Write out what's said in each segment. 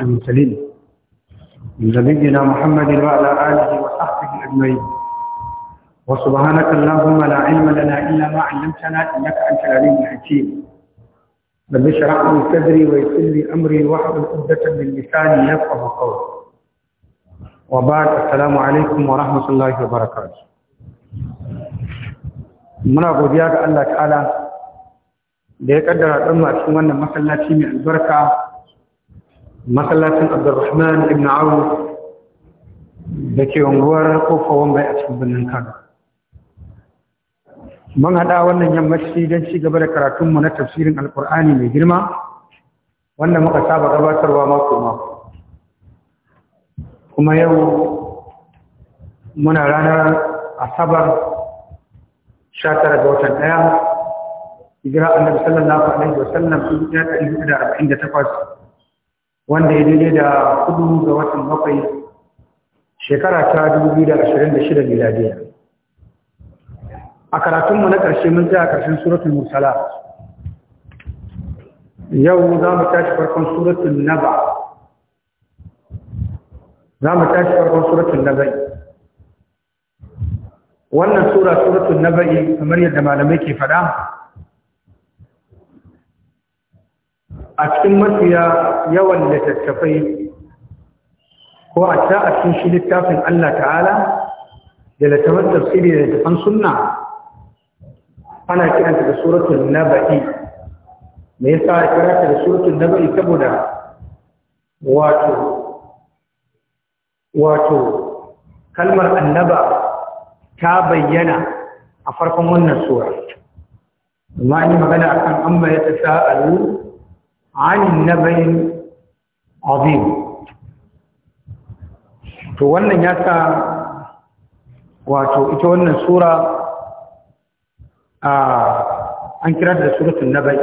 المرسلين نبينا محمد وعلى آله وصحبه أجمعين وسبحانك اللهم لا علم لنا إلا ما علمتنا إنك أنت العليم الحكيم رب اشرح لي صدري ويسر لي أمري واحلل عقدة من لساني يفقه قولي وبعد السلام عليكم ورحمة الله وبركاته muna godiya ga Allah ta'ala da ya kaddara ɗan a cikin wannan masallaci mai albarka masallacin abdurrahman ibn awu da ke unguwar kofa wambai a cikin birnin kano mun haɗa wannan yammaci don ci gaba da karatunmu na tafsirin alkur'ani mai girma wanda muka saba gabatarwa mako mako kuma yau muna ranar asabar 19 ga watan ɗaya hijira annabi sallallahu alaihi wasallam 1448 wanda ya daidai da kudu ga watan bakwai shekara ta 2026 miladiya a karatunmu na ƙarshe mun tsaya ƙarshen suratun musala yau za mu tashi farkon na naba za mu tashi farkon na naba'i wannan sura na naba'i kamar yadda malamai ke faɗa a cikin mafiya yawan littattafai ko a ta a cikin shi littafin Allah ta'ala da littafin tafsiri da littafin sunna ana kiranta da suratul naba'i me yasa a kiranta da suratul naba'i saboda wato wato kalmar annaba ta bayyana a farkon wannan sura amma ni magana akan amma ya tasa'alu عن النبي العظيم to wannan ya sa wato ita wannan sura a an kira da suratul nabai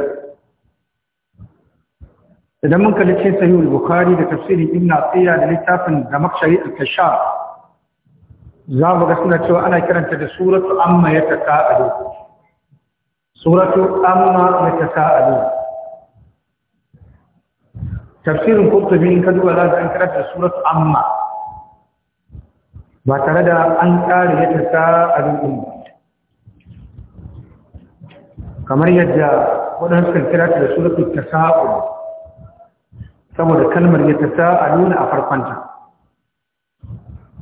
idan mun kalli cikin sahihul bukhari da tafsiri ibn athiya da littafin da makshari al kasha za mu ga suna cewa ana kiranta da suratu amma ya suratul suratu amma ya تفسير القرطبي كذا ولا ان قرات سوره اما ما ده ان قال يتسا الامم كما يجا ودان قرات سوره التساؤل كما الكلمه يتساءلون افرقنت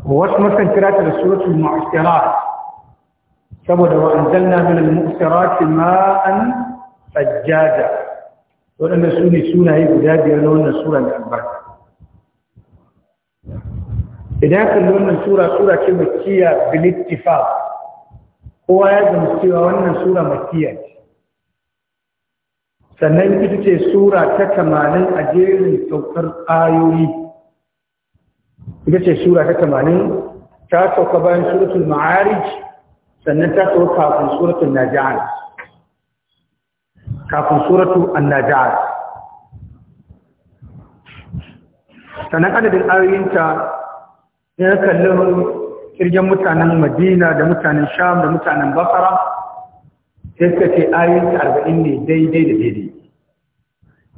واسم قرات سوره المعسكرات كما وانزلنا من المعسكرات ماء فجاجا waɗanda su ne sunaye guda biyar na wannan sura mai albarka idan kalli wannan sura sura ce makiya bilittifa kowa ya zama cewa wannan sura makiya ce sannan ita ce sura ta tamanin a jerin saukar ayoyi ita ce sura ta tamanin ta sauka bayan suratul ma'arij sannan ta sauka kafin suratul naja'ar kafin suratu annajat sannan adadin ayoyinta ya kalli kirgin mutanen madina da mutanen sham da mutanen Bafara, sai suka ce ayoyinta arba'in ne daidai da daidai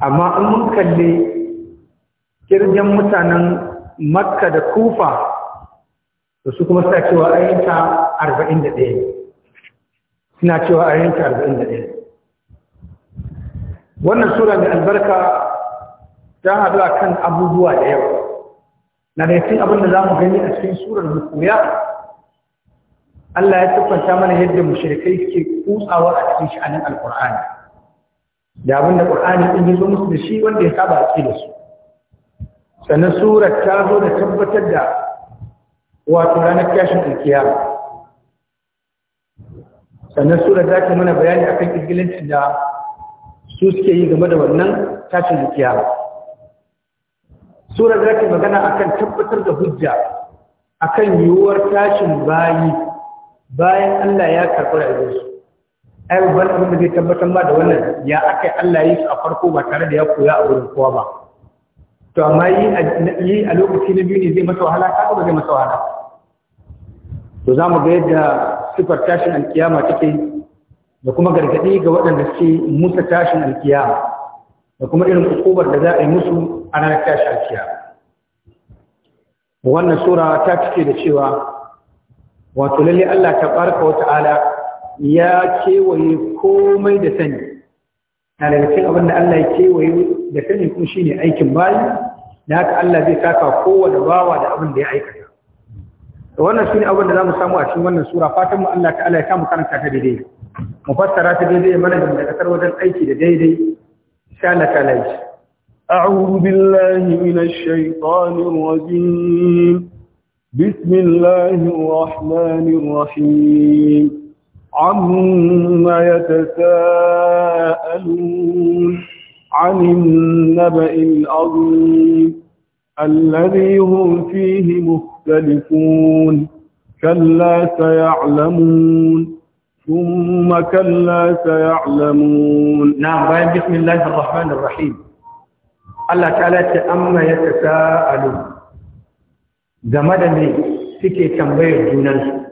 amma an mun kalli kirgin mutanen makka da kufa da su kuma suna cewa ayoyinta arba'in da ɗaya suna cewa ayoyinta arba'in da ɗaya wannan sura mai albarka ta haɗu a kan abubuwa da yau. na da yakin abin da za mu gani a cikin surar mu Allah ya tuffanta mana yadda mushrikai suke kutsawa a cikin sha'anin alkur'ani da abin da qur'ani ɗin ya zo musu da shi wanda ya saba a da su sannan surar ta zo da tabbatar da wato ranar kyashin alkiyama sannan surar za ta mana bayani akan izgilancin da su suke yi game da wannan tashin kiyama surar da magana akan tabbatar da hujja akan yiwuwar tashin bayi bayan Allah ya karɓi su. ai babban abin da zai tabbatar ba da wannan ya akai Allah yi su a farko ba tare da ya koya a wurin kowa ba to amma yi a lokaci na biyu ne zai masa wahala Ta ba zai masa wahala to za mu ga yadda sifar tashin alkiyama take da kuma gargaɗi ga waɗanda suke musa tashin alkiya. da kuma irin ukubar da za a yi musu a ranar tashin alkiya wannan sura ta cike da cewa wato lalle Allah ta barka wa ta'ala ya kewaye komai da sani na daga cikin abin da Allah ya kewaye da sani kuma shine aikin bayi da haka Allah zai saka kowane bawa da abin da ya aikata da wannan shine abin da za mu samu a cikin wannan sura fatan mu Allah ta'ala ya samu karanta ta daidai mu fassara ta daidai mana da kasar wajen aiki da daidai sha Allah ta'ala yi أعوذ بالله من الشيطان الرجيم بسم الله الرحمن الرحيم عما يتساءلون عن النبأ العظيم الذي هم فيه مختلفون كلا سيعلمون ثم كلا سيعلمون نعم بيان بسم الله الرحمن الرحيم الله تعالى تأمى يتساءل زمدني لي سكي تنبيه جنان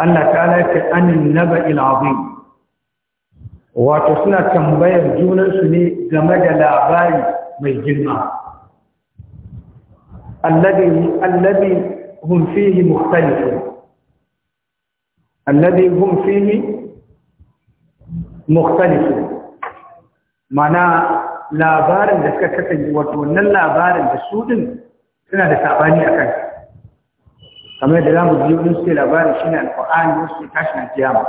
الله تعالى تأني النبأ العظيم وتسنى تنبيه جنان سني جمد لا غاي من جنان الذي الذي هم فيه مختلفون الذي هم فيه مختلفون معناه labarin da suka kasance wato wannan labarin da su din suna da sabani a kan kamar da zamu biyo din sai labarin shine alqur'ani wasu sai tashin kiyama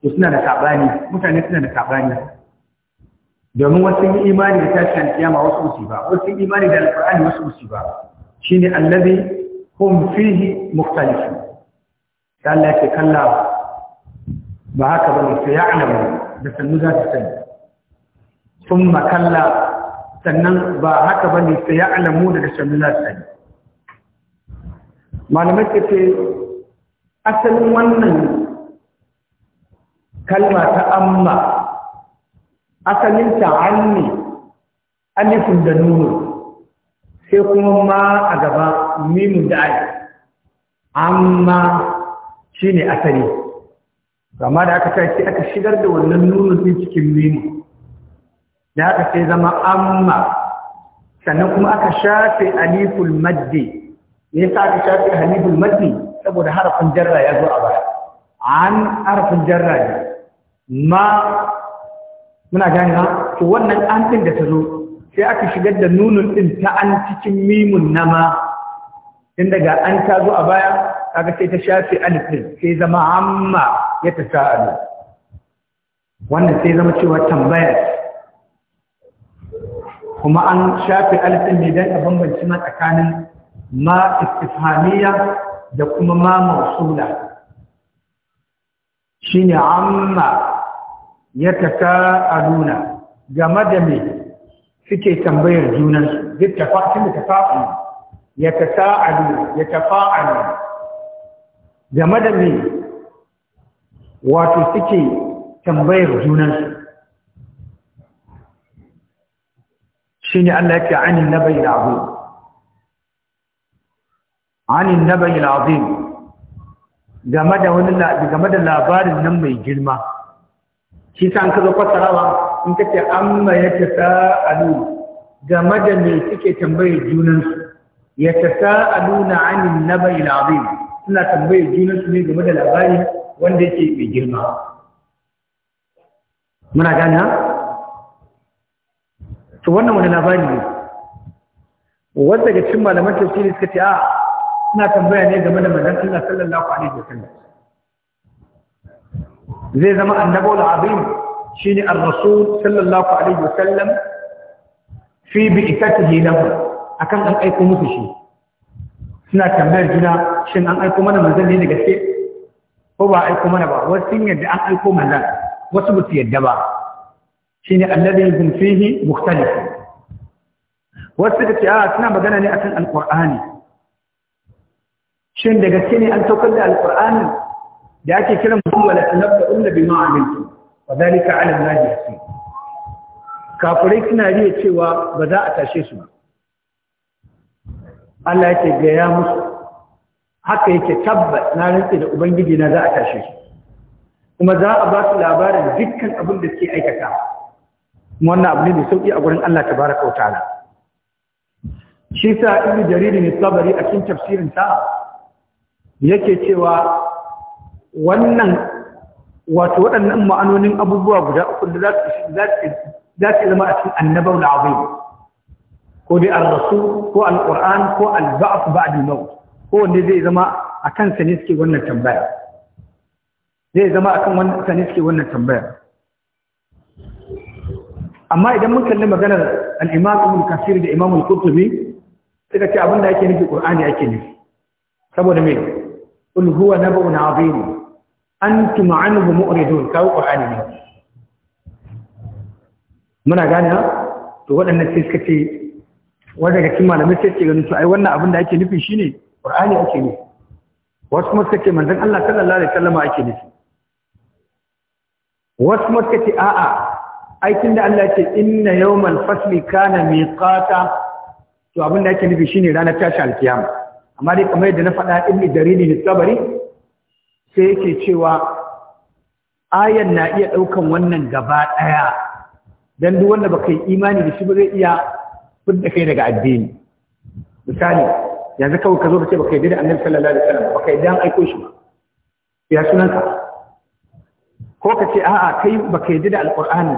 to suna da sabani mutane suna da sabani domin wasu yi imani da tashin kiyama wasu su ba wasu imani da alqur'ani wasu su ba shine allazi hum fihi mukhtalifun Allah yake kalla ba haka bane sai ya alamu da sannu za ta sani thumma kalla sannan ba haka bane sai ya alamu da sannu za ta sani malamai ke ce asalin wannan kalma ta amma asalin ta anni alifun da nunu sai kuma ma a gaba mimun da ai amma shine asali kamar da aka tashi aka shigar da wannan nunun din cikin mimun da aka sai zama amma sannan kuma aka shafe aliful maddi me yasa aka shafe aliful maddi saboda harafin jarra ya zo a baya an harafin jarra ne ma muna gani ha to wannan an din da ta zo sai aka shigar da nunun ɗin ta an cikin mimun nama tun daga an ta zo a baya kaga sai ta shafe alifin, sai zama amma ya ta sa'adu wannan sai zama cewa tambaya kuma an shafe alifin ɗin ne don a bambanci ma tsakanin ma istifaniya da kuma ma mausula shine amma ya ta sa'aduna game da mai. suke tambayar junan duk tafa'in da tafa'in ya tasa'alu ya tafa'alu game da me wato suke tambayar junan shine Allah yake anin nabai azim anin nabai azim game da wani game da labarin nan mai girma shi san kaza kwatarawa in ka ce amma ya ta sa'alu game da me suke tambaye junansu ya ta sa'alu na anin na bai suna tambaye junansu ne game da labari wanda yake mai girma muna gana to wannan wani labari ne wanda daga cikin malaman tafsiri suka ce a suna tambaya ne game da manzon Allah sallallahu alaihi wasallam zai zama annabul azim shine ar-rasul sallallahu alaihi wasallam fi bi'ikatihi lahu akan an aiko musu shi suna tambayar juna shin an aiko mana manzon ne da gaske ko ba aiko mana ba wasu yadda an aiko manzon wasu ba su yadda ba shine alladhi hum fihi mukhtalif wasu suka ce a ah, suna magana ne akan alqur'ani shin da gaske ne an saukar da alqur'ani da ake kiran mu wala tanabbu illa bima amiltum wa zalika na Allah kafirai suna riya cewa ba za a tashe su ba Allah yake gaya musu haka yake tabbat na rantsi da ubangiji na za a tashe su kuma za a ba su labarin dukkan abin da suke aikata wannan abu ne mai sauki a gurin Allah ta bara ta'ala shi sa ibnu jariri ne sabari a cikin tafsirin ta yake cewa wannan wato waɗannan ma'anonin abubuwa guda uku da za su zama a cikin annabar da azim ko dai al rasu, ko al ƙuran ko al-ba'th ba'd al-maut ko wanda zai zama akan sa ne suke wannan tambaya zai zama akan wannan sa ne suke wannan tambaya amma idan mun kalli maganar al-imam ibn kasir da imam al-qurtubi suka ce abin da yake nufi ƙur'ani ake nufi saboda me kul huwa nabun azim antum anhu mu'ridun kawo qur'ani ne muna gane to waɗannan sai suka ce wanda daga cikin malamai sai ce ganin to ai wannan abin da ake nufi shine qur'ani ake nufi wasu kuma suka ce manzon Allah sallallahu alaihi wasallam ake nufi wasu kuma suka ce a'a aikin da Allah ya ce inna yawmal fasli kana miqata to abin da ake nufi shine ranar tashi alkiyama amma dai kamar yadda na faɗa ibn jarir ne sabari sai yake cewa ayan na iya ɗaukan wannan gaba ɗaya don duk wanda baka yi imani da shi ba zai iya fudda kai daga addini misali yanzu kawai ka zo ka ce baka yi da annabi sallallahu alaihi wasallam baka yi dan aiko shi ba ya sunanka ko ka ce a'a kai baka yi da alqur'ani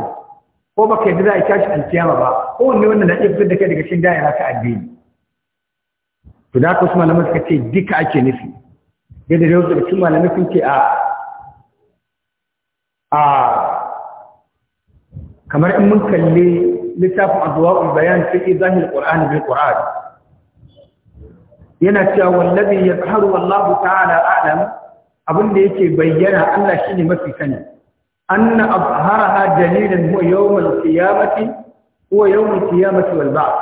ko baka yi da ita shi alkiyama ba ko wanne wanda na iya fudda kai daga cikin da'ira ta addini to da ka suma lamar ka ce duka ake nufi yadda da wasu cikin malamai sun ce a a kamar in mun kalli littafin adwa'ul bayan fi izahil qur'ani bil qur'an yana cewa wallazi yazharu wallahu ta'ala a'lam abin da yake bayyana Allah shine mafi sani anna abharaha dalilan huwa yawmul qiyamati huwa yawmul qiyamati wal ba'th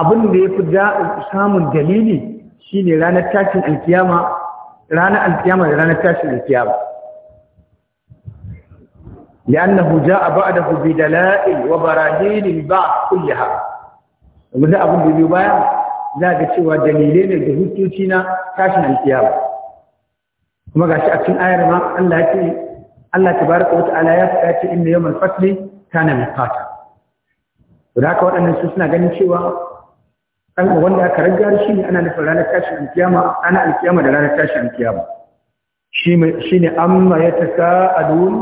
abin da yafi da samun dalili shi ne ranar tashin alkiyama ranar alkiyama da ranar tashin alkiyama ya huja a ba da hujji da la'il wa barahinin ba kulle ha abu da abin da baya za ga cewa dalilai ne da hujjoci na tashin alkiyama kuma ga a cikin ayar ma allah ce allah ta baraka wata alaya su ya ce inda yau malfasli ta na fata. Da haka waɗannan su suna ganin cewa an wanda aka ragar shi ne ana nufin ranar tashin alkiyama ana alkiyama da ranar tashin alkiyama shi ne amma ya ta sa'adun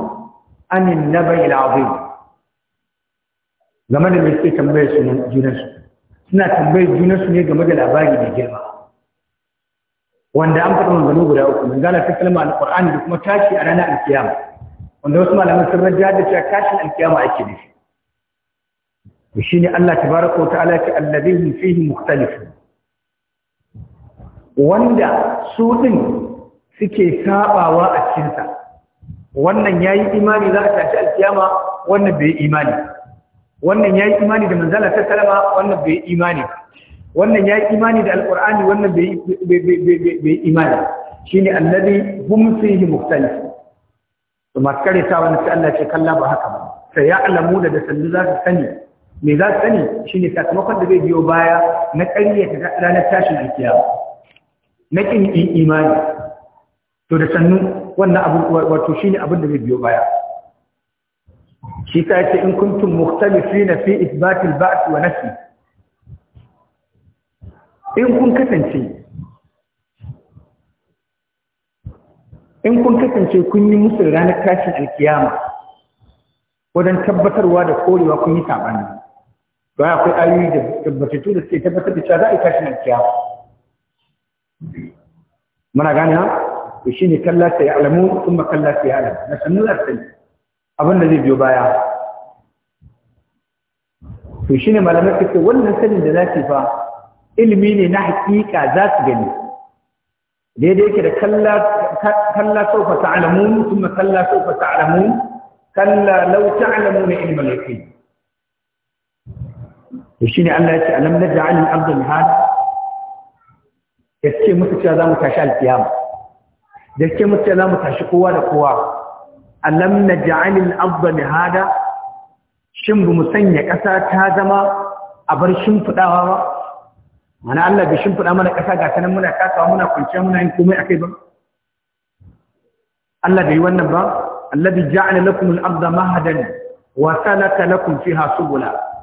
anin na bai la'azim game da mai suke tambayar junansu suna tambayar junansu ne game da labari da girma wanda an faɗa manzanni guda uku gana ta kalma alƙur'ani da kuma tashi a ranar alkiyama wanda wasu malaman sun rajja da cewa tashin alkiyama ake nufi shine Allah tabaraka wa ta'ala ki alladhi fihi mukhtalifun wanda su din suke sabawa a cikin sa wannan yayi imani za a tashi alkiyama wannan bai imani wannan yayi imani da manzala ta kalama wannan bai imani wannan yayi imani da alqur'ani wannan bai bai imani shine alladhi hum fihi mukhtalifun to maskare ta wannan sai Allah ce kalla ba haka ba sai ya alamu da sanni za su sani me za su sani shi ne sakamakon da zai biyo baya na ta ranar tashin alkiyama na ƙin imani to da sannu wannan abu wato ne abin da zai biyo baya shi ta yake in kuntum mukhtalifina fi ithbati al-ba'th wa nasi in kun kasance in kun kasance kun yi musu ranar tashin alkiyama wajen tabbatarwa da korewa kun yi saɓani ba akwai ayoyi da tabbatattu da suke tabbatar da cewa za a yi tashin alkiyama muna gane ha to ne kalla sai alamu kuma kalla sai alamu na sanu da sani abin da zai biyo baya to shine malamai suke wannan sanin da zaki fa ilimi ne na hakika za su gani daidai yake da kalla kalla sawfa ta'lamun kuma kalla sawfa ta'lamun kalla law ne ilmal yaqin to shine Allah ya ce alam naj'al al-ardha mihada yace muku cewa zamu tashi al-qiyama yace muku cewa zamu tashi kowa da kowa alam naj'al al-ardha mihada shin bu mu sanya ƙasa ta zama a bar shimfiɗawa ba mana Allah bai shimfiɗa mana ƙasa ga sanan muna takawa muna kwanciya muna yin komai akai ba Allah bai wannan ba alladhi ja'ala lakum al-ardha mahadan wa salaka lakum fiha subula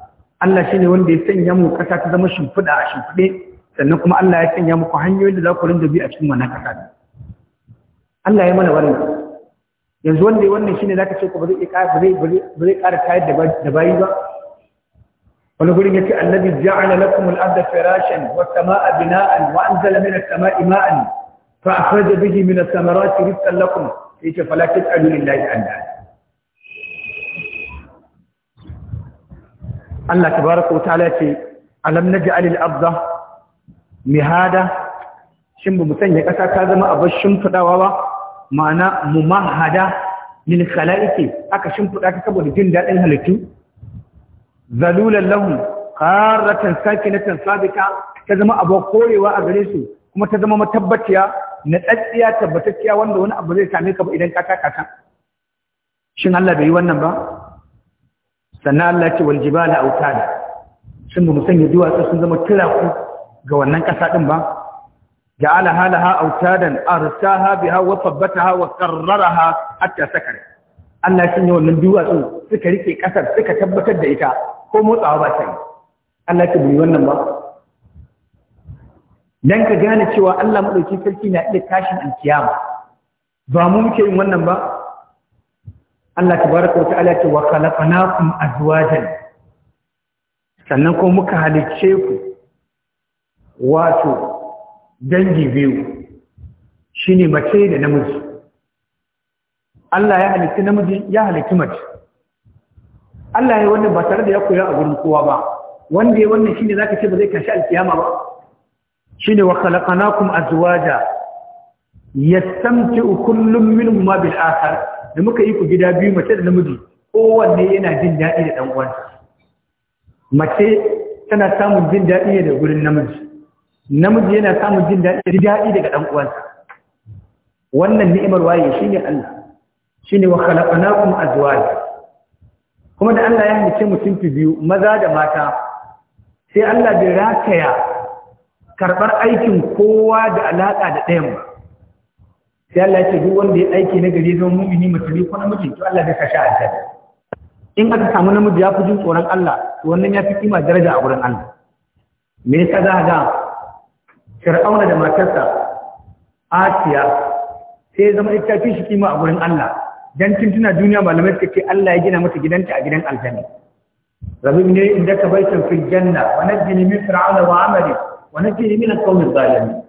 Allah shine wanda ya sanya mu ƙasa ta zama shimfiɗa a shimfiɗe sannan kuma Allah ya sanya muku hanyoyin da za ku rinda bi a cikin wannan ƙasa Allah ya mana wannan yanzu wanda ya wannan za ka ce ku ba zai ƙara ba zai ƙara tayar da bayi ba wani gurin ce allazi ja'ala lakum al-ardha firashan was samaa bina'an wa anzala min as-samaa'i ma'an fa akhraja bihi min ath-thamarati rizqan lakum yace fala taj'alu lillahi andada Allah tabaraka ta'ala ce alam naj'al al Mai mihada shin bu sanya kasa ta zama abin shimfidawa ba ma'ana mumahada lil khalaiqi aka shimfida ta saboda jin dadin halittu zalulan lahum qarratan sakinatan sabita ta zama abin korewa a gare su kuma ta zama matabbaciya na tsatsiya tabbatacciya wanda wani abu zai same ka ba idan ka taka shin Allah bai yi wannan ba sannan Allah ce wal jibala autada shin ba mu sanya duwatsu sun zama tiraku ga wannan ƙasa din ba ja'ala halaha autadan arsaha biha wa tabbataha wa qarraraha hatta sakar Allah shin ya wannan duwatsu suka rike ƙasar suka tabbatar da ita ko motsawa ba ta yi Allah ce bai wannan ba dan ka gane cewa Allah madauki sarki na iya tashin alkiyama ba mu muke yin wannan ba Allah tabaraka wa ta'ala ce wa khalaqnakum azwajan sannan ko muka halicce ku wato dangi biyu shine mace da namiji Allah ya halicci namiji ya halicci mace Allah ya wannan ba tare da ya koya a gurin kowa ba wanda ya wannan shine zaka ce ba zai kashi alkiyama ba shine wa khalaqnakum azwaja yastamti'u kullum minhum ma bil akhar da muka yi ku gida biyu mace da namiji kowanne yana jin daɗi da ɗan'uwansa mace tana samun jin daɗi da gurin namiji namiji yana samun jin daɗi daga ɗan'uwansa wannan ni'imar waye shine Allah ne wa khalaqnakum azwaj kuma da Allah ya halice mutum biyu maza da mata sai Allah bai rataya karɓar aikin kowa da alaƙa da ɗayan ba sai Allah ya ce duk wanda ya aiki na gari zama mumini mutane ko namiji to Allah zai kashe aljanna in aka samu namiji ya fi jin tsoron Allah to wannan ya fi kima daraja a wurin Allah me yasa za ga Fir'auna da matarsa Asiya sai zama ita fi shi kima a wurin Allah dan tuntuna duniya malamai suka ce Allah ya gina mata gidanta a gidan aljanna rabbi ne inda ka baitan fil janna wa najjini min fir'auna wa amali wa najjini min al-qawmi adh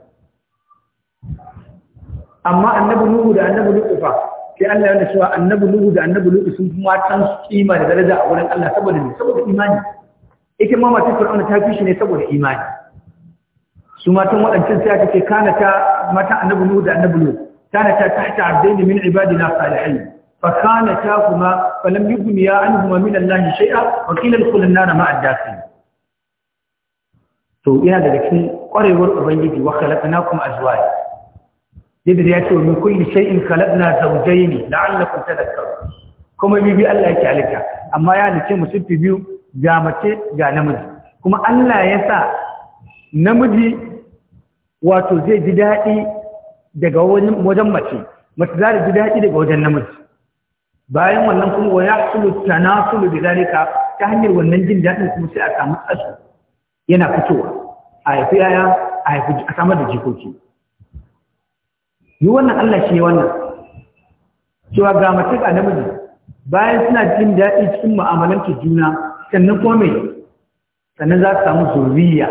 amma annabi nuhu da annabi lutu fa sai Allah ya nuna annabi nuhu da annabi lutu sun kuma tan kima da daraja a wurin Allah saboda me saboda imani ita ma matar Fir'auna ta fi shi ne saboda imani su matan waɗancan sai aka ka kana ta mata annabi nuhu da annabi lutu kana ta tahta abdain min ibadina salihin fa kana ta kuma falam ya anhuma min Allah shay'a wa qila al-khulun nar ma'a dakhil to ina da cikin kwarewar ubangiji wa khalaqnakum azwaja yadda ya ce min kulli shay'in khalaqna zawjayn la'allakum tadhakkarun kuma bi Allah yake halitta amma ya nace mu fi biyu ga mace ga namiji kuma Allah ya sa namiji wato zai ji daɗi daga wajen mace mace za ta ji daɗi daga wajen namiji bayan wannan kuma wa yahsulu tanasulu bidalika ta hanyar wannan jin daɗin kuma sai a samu asu yana fitowa a haifi yaya a haifi a samar da jikoki yi wannan Allah shi wannan cewa ga mace ga namiji bayan suna jin daɗi cikin mu'amalantar juna sannan kuma mai sannan za su samu zuriya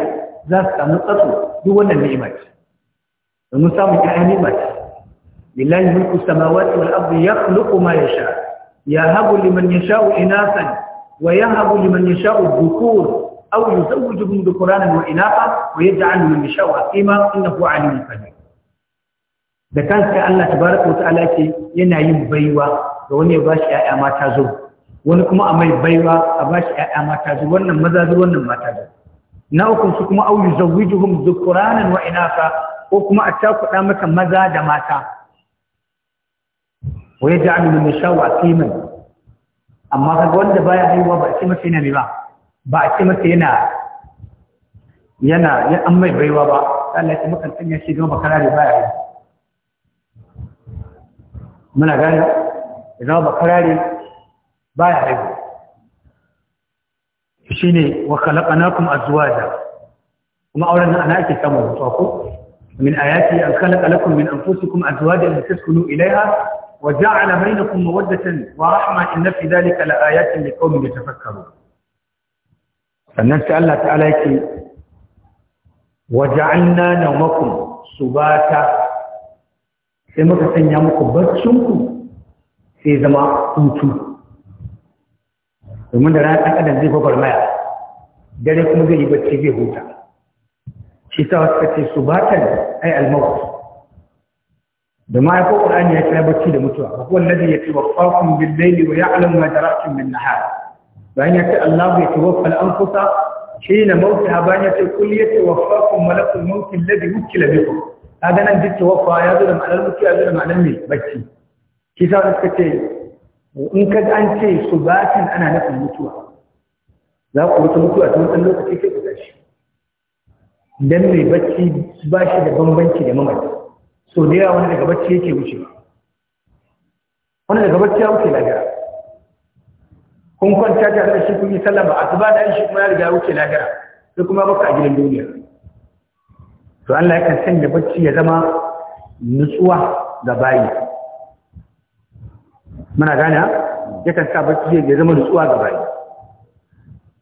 za su samu tsatso duk wannan ni'ima ce domin samun ƴaƴan ni'ima ce lillahi mulku samawati wal ardi yakhluqu ma yasha yahabu liman yasha'u inasan wa yahabu liman yasha'u dhukur aw yuzawwijuhum dhukranan wa inafa wa yaj'alu liman yasha'u aqima innahu alimun qadir da kansa Allah tabaraka wa ta'ala ke yana yin baiwa ga wani ya bashi ƴaƴa mata zo wani kuma a mai baiwa a bashi ƴaƴa mata zo wannan maza zo wannan mata zo na uku su kuma au yuzawijuhum dhukranan wa inatha ko kuma a takuɗa mata maza da mata wa yaj'alu min yashaw aqiman amma ga wanda baya haihuwa ba a ce masa yana mai ba ba a ce masa yana yana an mai baiwa ba Allah ya mukan sanya shi ga makara da baya haihuwa muna gane ya zama bakarare ba ya haihu shi ne wa kalaƙanakun azuwaja kuma auren nan ana ake samun mutuwa ko min ayati an khalaqa lakum min anfusikum azwajan litaskunu ilayha wa ja'ala bainakum mawaddatan wa rahma inna fi dhalika laayatin liqaumin yatafakkarun sannan sai Allah ta'ala yake wa ja'alna nawmakum subata sai muka sanya muku ku sai zama hutu domin da ranar ɗan adam zai maya, dare kuma zai yi bacci zai huta shi sa wasu kace su batan ai almawut da ma ya ko qur'ani ya kira bacci da mutuwa wa huwa alladhi yatawaffakum bil-layli wa ya'lamu ma taraktum min-nahar bayan ya ce Allah ya tawaffa al-anfusa hina mawtaha bayan ya ce kul yatawaffakum malakul mawt alladhi wukila bikum kaga nan duk tawaffa ya zo da ma'anar mutuwa ya zo da ma'anar mai bacci shi sa suka ce in ka an ce su batin ana nufin mutuwa za ku wuce mutuwa ta wutan lokaci ke guda shi dan mai bacci ba shi da bambanci da mamaki, so da yawa wani daga bacci yake wuce wani daga bacci ya wuce lagara kun kwanta tare da shi kun yi sallah ba da da shi kuma ya riga ya wuce lagara sai kuma baka a gidan duniya to Allah yakan sanya bacci ya zama nutsuwa ga bayi muna gane yakan sa bacci ya zama nutsuwa ga bayi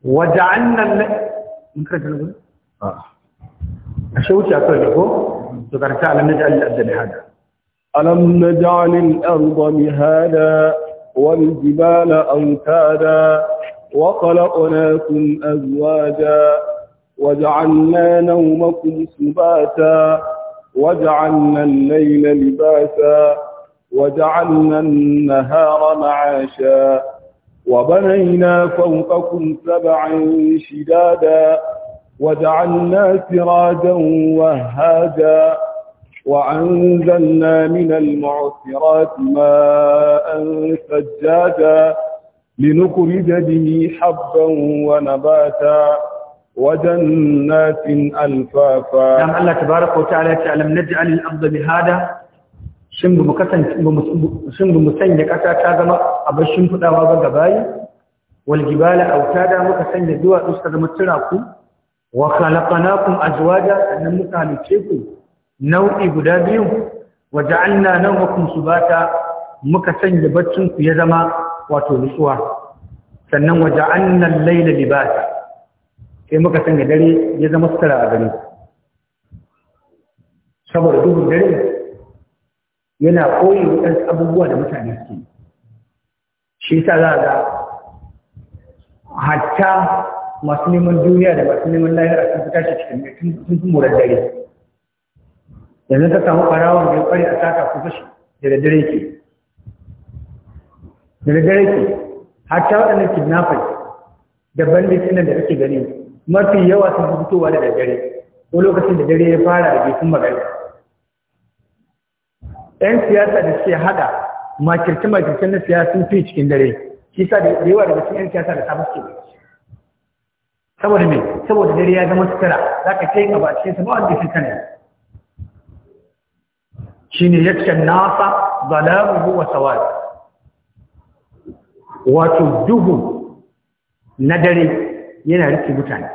wa ja'alna karanta ne a shauci akwai ne ko to karanta alam naj'al al-arda mihada alam naj'al al-arda mihada والجبال أوتادا وخلقناكم أزواجا وجعلنا نومكم سباتا وجعلنا الليل لباسا وجعلنا النهار معاشا وبنينا فوقكم سبعا شدادا وجعلنا سراجا وهاجا وأنزلنا من المعصرات ماء سجادا لنخرج به حبا ونباتا وجنات ألفافا نعم الله تبارك وتعالى ألم نجعل الأرض بهذا shin ba mu sanya ƙasa ta zama abin shimfiɗawa ba gabayi waljibala autada muka sanya duwatsu suka zama turaku wa khalaqnakum da sannan muka halice ku nau'i guda biyu wa su nawmakum subata muka sanya baccin ku ya zama wato nutsuwa sannan waje an nan layla libata. sai muka sanya dare ya zama sutura a gare saboda duhun dare yana koyi waɗansu abubuwa da mutane suke shi sa za ga hatta masu neman duniya da masu neman lahira sun fi tashi cikin sun kuma murar dare yanzu ta samu ɓarawon da ya ƙware a sata ku fashi da dare ke da dare ke hatta waɗannan kidnappers da bandit ɗin da kake gani mafi yawa sun fi fitowa da daddare ko lokacin da dare ya fara da gefen magana yan siyasa da suke hada makirce makirce na siyasa sun fi cikin dare shi sa da yawa daga cikin yan siyasa da safe ke. saboda me saboda dare ya zama sutura za ka kai gaba cikin sa ba wanda ya Shi ne ya yacce nasa zalamu wa sawari. wato duhu na dare yana rike mutane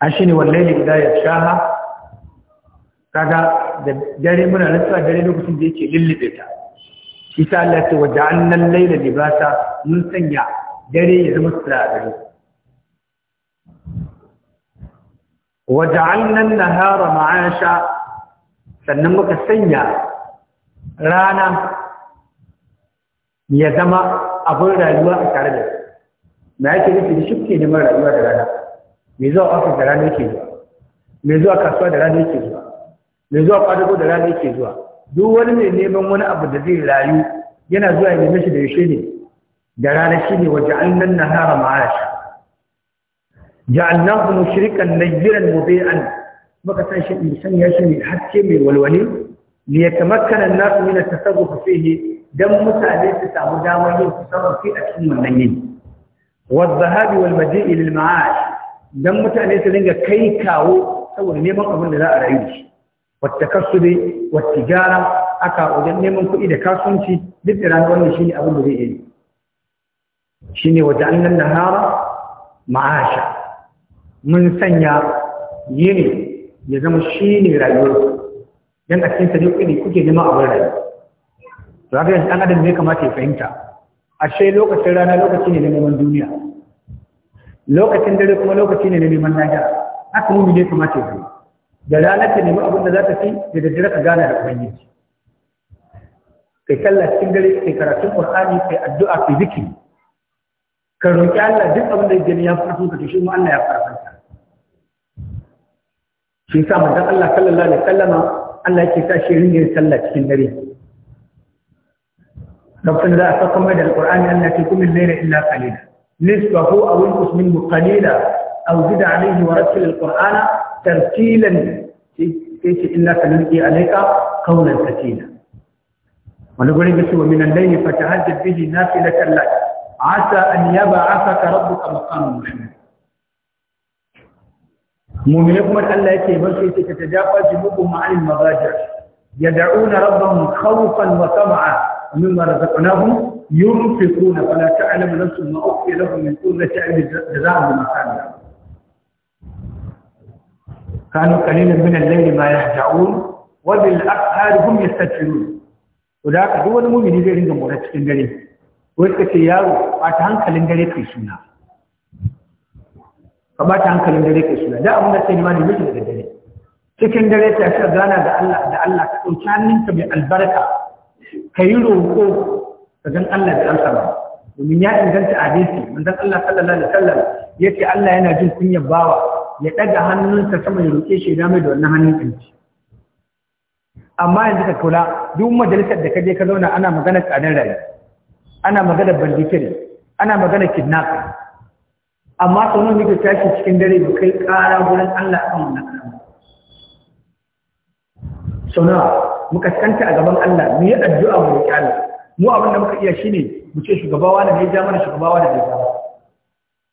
a shi ne wallahi da ya shaha kaga da dare muna rantsuwa dare lokacin da yake lullube ta isa Allah ya ce wa ja'alnal layla libasa mun sanya dare ya zama sirare wa ja'alnan nahara ma'asha sannan muka sanya rana ya zama abin rayuwa a tare da su na yake nufi shi ke neman rayuwa da rana me zuwa ofis da rana yake zuwa me zuwa kasuwa da rana yake zuwa me zuwa kwadago da rana yake zuwa duk wani mai neman wani abu da zai rayu yana zuwa ya neme shi da yaushe ne da rana shi ne waje an nan na hara ma'ashi ja'alnahu mushrikan nayyiran mubi'an muka san shi in san ya shi ne haske mai walwali li yatamakkana an-nasu yana at-tasarruf fihi dan mutane su samu damar yin tasarrufi a cikin wannan yin? والذهاب والمجيء للمعاش dan mutane su dinga kai kawo saboda neman abin da za a rayu da shi wattakassubi wattijara aka wajen neman kuɗi da kasuwanci duk da ranar wannan shine abin da zai yi shine wata annan nahara ma'asha mun sanya yini ya zama shine rayuwar dan a cikin sa ne kuke neman abin rayu to haka an kamata ya fahimta ashe lokacin rana lokaci ne na neman duniya lokacin dare kuma lokaci ne na neman naja haka mu ne kuma ce ku da rana ke neman abin da za ta fi da daddare ka gana da ubangiji kai kalla cikin dare kai karatun qur'ani kai addu'a kai zikiri ka roƙi Allah duk abin da yake ya farko ka tushe mu Allah ya farko shi sa manzon Allah sallallahu alaihi wasallama Allah yake sa shi rinne sallah cikin dare لكن الله فقم من القرآن أن تكون الليل إلا قليلا نصفه أو ينقص منه قليلا أو زد عليه ورتل القرآن ترتيلا إلا فلنقي عليك قولا كثيرا ونقول بس ومن الليل فتهجد به نافلة لك عسى أن يبعثك ربك مقام محمد مؤمن أن لا يكي بس تتجافى جنوبهم عن المضاجع يدعون ربهم خوفا وطمعا مما رزقناهم ينفقون فلا تعلم نفس ما أخفي لهم من قرة عين جزاء بما كانوا كانوا قليلا من الليل ما يهجعون وبالأسهار هم يستجرون وذاك هو المؤمن زي رنجا مورا cikin dare wai kace yaro ba ta hankalin dare kai suna ka ba ta hankalin dare kai suna da abin dare cikin dare ta shiga gana da Allah da Allah ka ɗauki hannunka mai albarka ka yi roƙo ka Allah da amsa ba domin ya inganta hadisi manzon Allah sallallahu alaihi wasallam yace Allah yana jin kunyar bawa ya daga hannunsa sama ya roƙe shi da mai da wannan hannun din amma yanzu ka kula duk majalisar da ka je ka zauna ana magana tsadar rayu ana magana ne ana magana kidnap amma sau ne ka tashi cikin dare ba kai ƙara wurin Allah kan wannan sau mu kaskanta a gaban Allah mu yi addu'a mu roƙi Allah mu abin da muka iya shine mu ce shugabawa da ne ja mana shugabawa da ne ja mana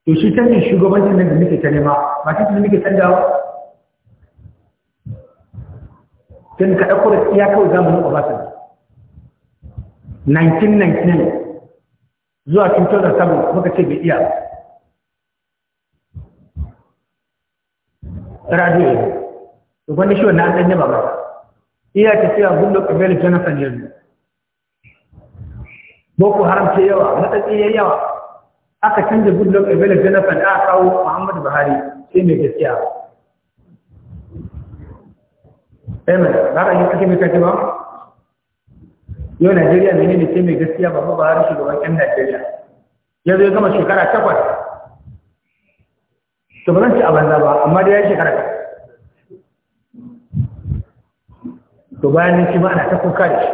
to shi canjin shugabancin nan da muke ta nema ba ta muke canjawa tun ka ɗauko da iya kawai za mu zamanin Obasanjo 1999 zuwa 2007 muka ce bai iya radio ne to gwanda shi wannan an ɗan ba masa iya tafiya bullo kabila jonathan yanzu boko haram ce yawa matsatsi ya yawa aka canza bullo kabila jonathan a kawo muhammadu buhari sai mai gaskiya eh, amen ba ka yi kake mai kake ba yau najeriya ne ne sai mai gaskiya ba ba buhari shugaban yan najeriya ya ya gama shekara takwas to ba zan ci a banza ba amma dai ya yi shekara takwas to bayan nan shi ma ana ta kuka da shi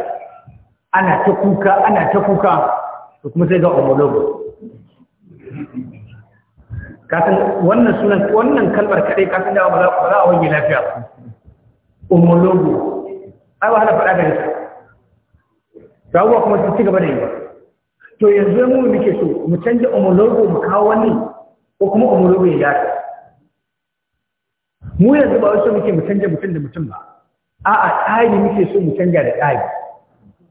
ana ta kuka ana ta kuka to kuma sai ga homologo kasan wannan sunan wannan kalmar kadai kasan da ba za a wange lafiya homologo ai ba hana faɗa gare ta dawowa kuma su ci gaba da yi ba to yanzu mu muke so mu canja homologo mu kawo wani ko kuma homologo ya yata mu yanzu ba wasu muke mu canja mutum da mutum ba a'a tsari muke so mu canja da tsari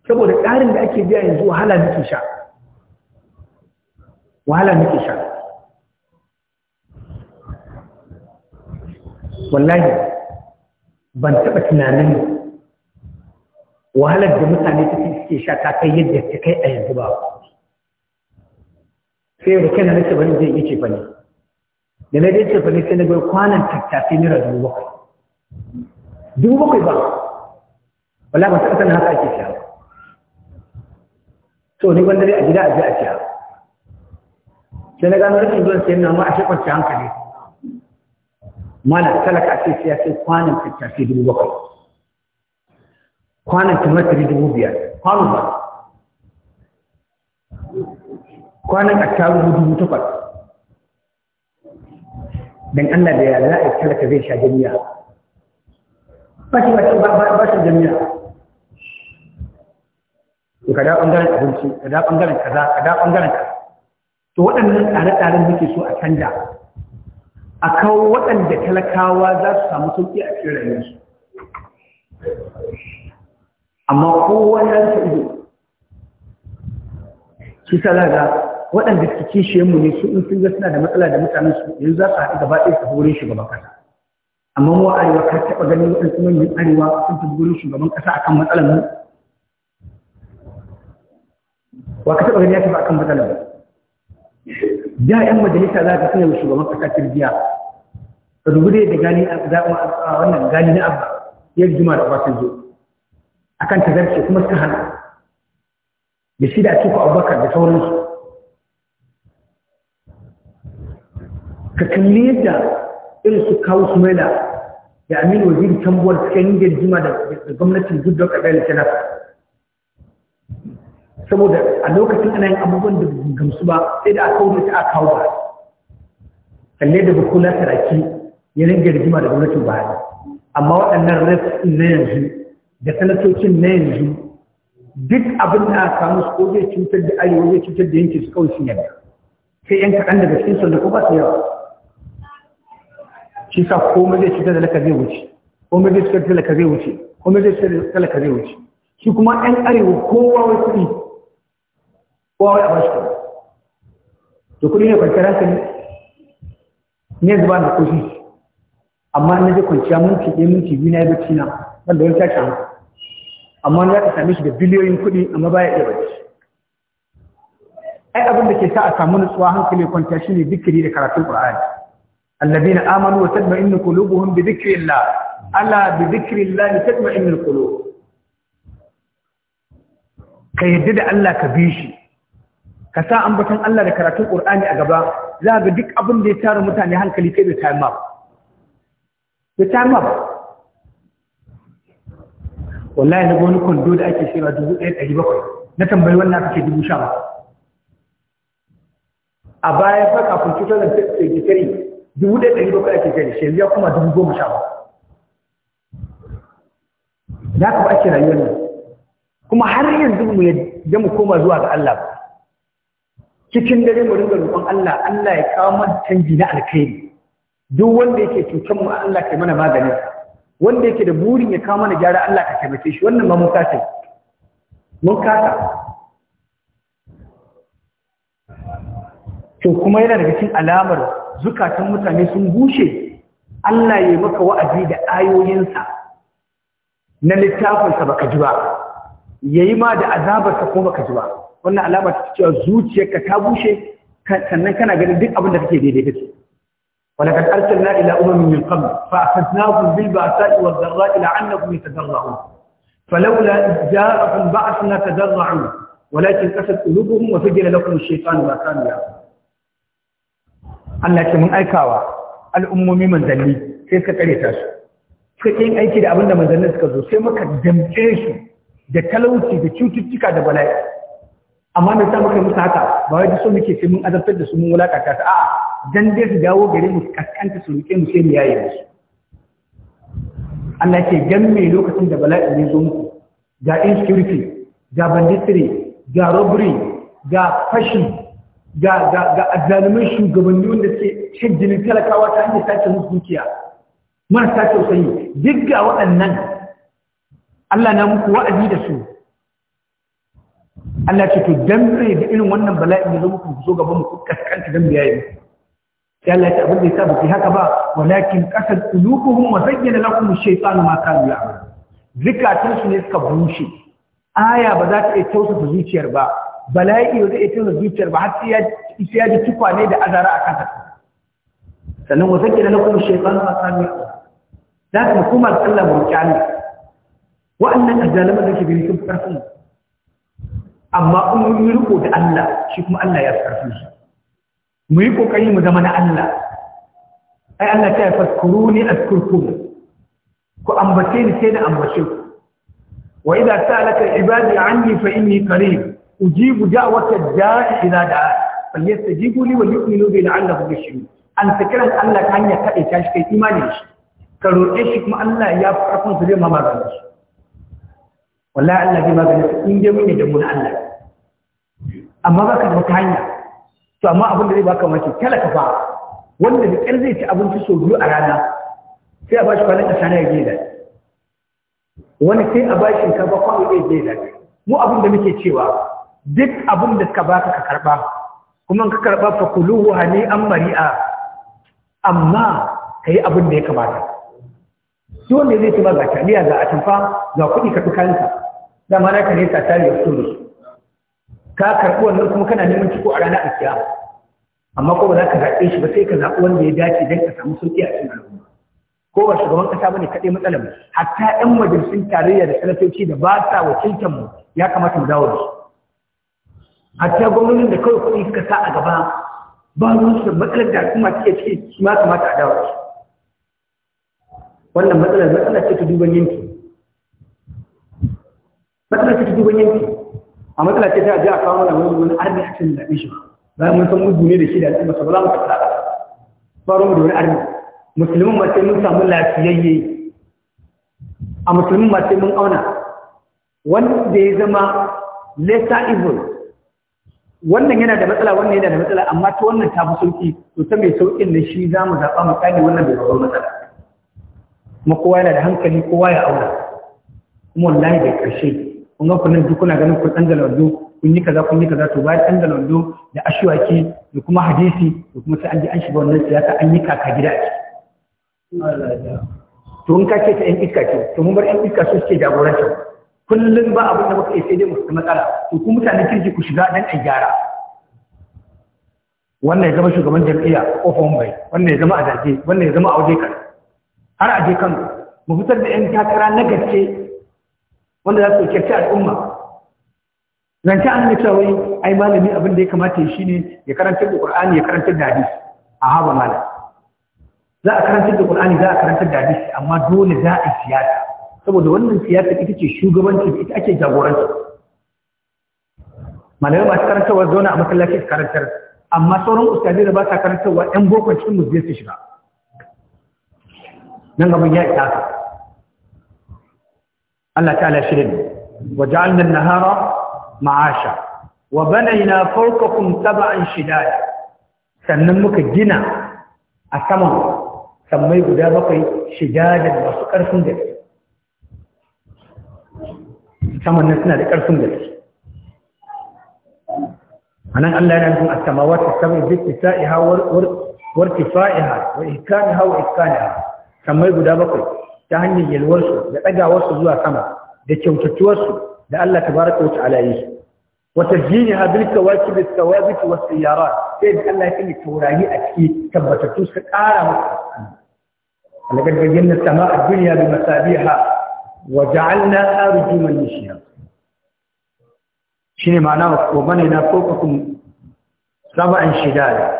saboda tsarin da ake biya yanzu wahala muke sha wahala muke sha wallahi ban taɓa tunanin wahalar da mutane suke sha ta kai yadda ta kai a yanzu ba sai yau da kai na nake bari zai iya ce ne da na dai cefa sai na gwai kwanan tattafi naira dubu bakwai dubu bakwai ba wala ba ta kasan haka ake siya to ni ne a gida a je a siya sai na gano rikin zuwan sayan nama a shi kwanci hankali mana talaka ake ce siya sai kwanan tattafi dubu bakwai kwanan tumatiri dubu biyar kwanan ba kwanan attaruhu dubu takwas don Allah da yara za a talaka zai sha jami'a ba shi ba jami'a to ka da bangaren abinci ka da bangaren kaza ka da bangaren kaza to waɗannan tsare-tsaren muke so a canja a kawo waɗanda talakawa za su samu sauƙi a cikin su amma kowa ya rufe ido shi ta zaga waɗanda suke kishiyanmu ne su in sun ga suna da matsala da mutanen su yanzu za su haɗu gaba ɗaya su wurin shugaban kasa amma mu arewa ka taɓa ganin waɗansu manyan arewa sun fi gurin shugaban ƙasa akan matsalar mu wa ka taɓa gani ya taɓa akan matsalar mu da yan majalisa za ka sanya wa shugaban ƙasa kirgiya ka dubu dai da gani a wannan gani na abba ya jima da obasanjo ta tazarce kuma suka hana da shi da atiku abubakar da sauransu ka kalli yadda irin su kawo su maila da amin waziri tambuwar cikin yin jima da gwamnatin goodluck da ɗaya kenan saboda a lokacin ana yin abubuwan da gamsu ba sai da aka wuce a kawo ba kalle da na saraki ya ringa jima da gwamnatin ba amma waɗannan refs na yanzu da sanatocin na yanzu duk abin da aka samu su ko cutar da arewa zai cutar da yankin su kawai sun yadda sai yan kaɗan daga cikin sun da ko ba su yawa shi sa komai zai cutar da laka zai wuce komai zai cutar da laka zai wuce komai zai cutar da laka zai wuce shi kuma ɗan arewa kowa wai kuɗi kowa wai a bashi kuɗi to kuɗi ne kwanciyar hankali ne zuba na kuɗi amma na je kwanciya minti ɗaya minti biyu na yi bacci na wanda wani tashi hankali amma na ka same shi da biliyoyin kuɗi amma baya iya bacci ai abin da ke sa a samu nutsuwa hankali kwanciya shine zikiri da karatun ƙur'ani الذين آمنوا وتطمئن قلوبهم بذكر الله ألا بذكر الله تطمئن القلوب kai yadda da Allah ka bi shi ka sa ambaton Allah da karatun Qur'ani a gaba za ga duk abin da ya tara mutane hankali kai da time up bai time up wallahi na wani kwando da ake shirya dubu ɗaya ɗari bakwai na tambayi wannan aka ce dubu sha a baya fa kafin da 2023 dubu ɗaya ɗari bakwai ake kai shi ya kuma dubu goma sha da ake rayuwar nan kuma har yanzu mu yadda mu koma zuwa ga Allah cikin dare mu ringa roƙon Allah Allah ya kawo mana canji na alkhairi duk wanda yake cutar mu Allah kai mana maganin wanda yake da burin ya kawo mana gyara Allah ka taimake shi wannan ma mun kasa mun kasa to kuma yana daga cikin alamar zukatan mutane sun bushe Allah ya maka wa'azi da ayoyinsa na littafinsa baka ji ba yayi ma da azabarsa ko baka ji ba wannan alama ta cewa zuciyarka ta bushe sannan kana ganin duk abin da kake daidai kake ولقد أرسلنا إلى أمم من قبل فأخذناهم بالبأساء والضراء لعلهم يتضرعون فلولا إذ جاءهم بأسنا تضرعوا ولكن قست قلوبهم وفجر لكم الشيطان ما كانوا ba. Allah ce mun aikawa al'ummomi manzanni sai suka kare ta su suka yi aiki da abinda manzanni suka zo sai muka damce su da talauci da cututtuka da bala'i amma me samun kai musu haka ba wai da so muke sai mun azabtar da su mun wulakata su a'a dan dai su dawo gare mu kaskanta su rike mu sai mu yaye musu Allah ce dan me lokacin da bala'i ne zo muku ga insecurity ga banditry ga robbery ga fashi ga azalimin shugabanni wanda ke shan jinin talakawa ta hanyar sace musu dukiya marasa tausayi duk ga waɗannan Allah na muku wa'azi da su Allah ce to dan bai da irin wannan bala'in da muku zo gaba muku kaskanta dan biyaye sai Allah ta abin da yasa baki haka ba walakin qasad qulubuhum wa zayyana lakum ash-shaytanu ma kanu ya'malun zikatun su ne suka bushe aya ba za ta iya tausasa zuciyar ba bala'i ba zai iya tura zuciyar ba har sai ya ji tukwane da azara a kasa sannan wasu kira na kuma shekaru a sami za ka kuma Allah mu kyani wa'annan azalaman da ke gani sun fi ƙarfin amma in mun yi riko da Allah shi kuma Allah ya fi ƙarfin shi mu yi ƙoƙari mu zama na Allah ai Allah ta yi faskuru ne a kurkuku ku ambace ni sai na ambace ku wa idza sa'alaka ibadi anni fa inni qarib ujibu da'watad da'i ila da'a falyastajibu li wal yu'minu bi la'allahum yashkurun an takiran Allah ta hanyar kaɗe ta shi kai imani da shi ka roƙe shi kuma Allah ya fi ƙarfin su zai ma magana shi wallahi Allah zai magana su in dai mun da mun Allah amma baka da wata hanya to amma abin da zai baka mace talaka fa wanda da ƙyar zai ci abinci sau biyu a rana sai a bashi kwanan ƙasa na ya je wani sai a bashi shinkafa kwano ya je gida. mu abin da muke cewa duk abin da suka baka ka karba kuma ka karba fa kuluhu hani an mari'a amma kai abin da ya kamata shi wanda zai tuba ga taliya ga atamfa ga kuɗi ka tukanta Za da ma ka ne ta tare da su ka karbi wannan kuma kana neman ciko a ranar akiya amma ko ba za ka zaɓe shi ba sai ka zaɓi wanda ya dace don ka samu sauƙi a cikin al'umma ko ba shugaban kasa bane kaɗai matsalar mu hatta 'yan majalisun tarayya da sanatoci da ba sa wakiltar mu ya kamata mu dawo da su hatta gwamnonin da kawai kuɗi suka sa a gaba ba su matsalar da kuma ke ce shi ma kamata a dawo shi wannan matsalar matsalar ce ta duban yanki matsalar ce ta duban yanki a matsalar ce ta ji a kawo wani wani arni a cikin zaɓe shi ba mun san mugu ne da shi da al'umma sa ba za mu taɓa ba ba mu da wani arni musulmin ma sai mun samu lafiyayye a musulmin ma sai mun auna wanda ya zama lesser evil wannan yana da matsala wannan yana da matsala amma ta wannan ta fi sauki to ta mai saukin da shi za mu zaɓa mu kane wannan bai zaɓa matsala kuma kowa yana da hankali kowa ya aura kuma wallahi bai karshe kun ga kunan duk kuna ganin kun ɗangala wando kun yi kaza kun yi kaza to bayan ɗangala wando da ashiwaki da kuma hadisi da kuma sai an ji an shiga wannan siyasa an yi kaka gida a ciki to in ka ce ta yan iska ce to mun bar yan iska su suke jagoranta kullum ba abin da muka yi sai dai musu matsala to ku mutane kirki ku shiga dan ai gyara wannan ya zama shugaban jam'iyya ofon bai wannan ya zama a daje wannan ya zama a waje kan har a je kan mu fitar da yan takara na gaske wanda za su kirci al'umma zance an nuna wai ai malami abin da ya kamata ya shine ya karanta da qur'ani ya karanta da hadisi a haba malam za a karanta da qur'ani za a karanta da hadisi amma dole za a siyasa saboda wannan siyasa ita ce shugabancin ita ake jagoranta. malamai masu karantarwa zauna a masallaci karantar amma sauran ustazi da ba sa karantarwa yan bokon cikin musulmi su shiga nan gaban ya isa ka Allah ta'ala shirin nahara ma'asha wa banayna fawqakum sab'an shidaya sannan muka gina a saman sammai guda bakwai shidadan masu ƙarfin gaske saman nan suna da ƙarfin gaske anan Allah yana nufin as-samawati sab'i bi tisa'iha wa irtifa'iha wa ihkaniha wa iskaniha kamar guda bakwai ta hanyar yalwarsu, da ɗagawarsu zuwa sama da kyautatuwarsu da Allah ta wa a yi Wata tajjiniha bil kawakib as-sawabit wasu sayyarat sai da Allah ya yake taurari a ciki tabbatattu su ƙara masa gargajiyar na sama a duniya bi masabiha shine وجعلنا أرجما للشياطين شنو معناه وبنينا فوقكم To a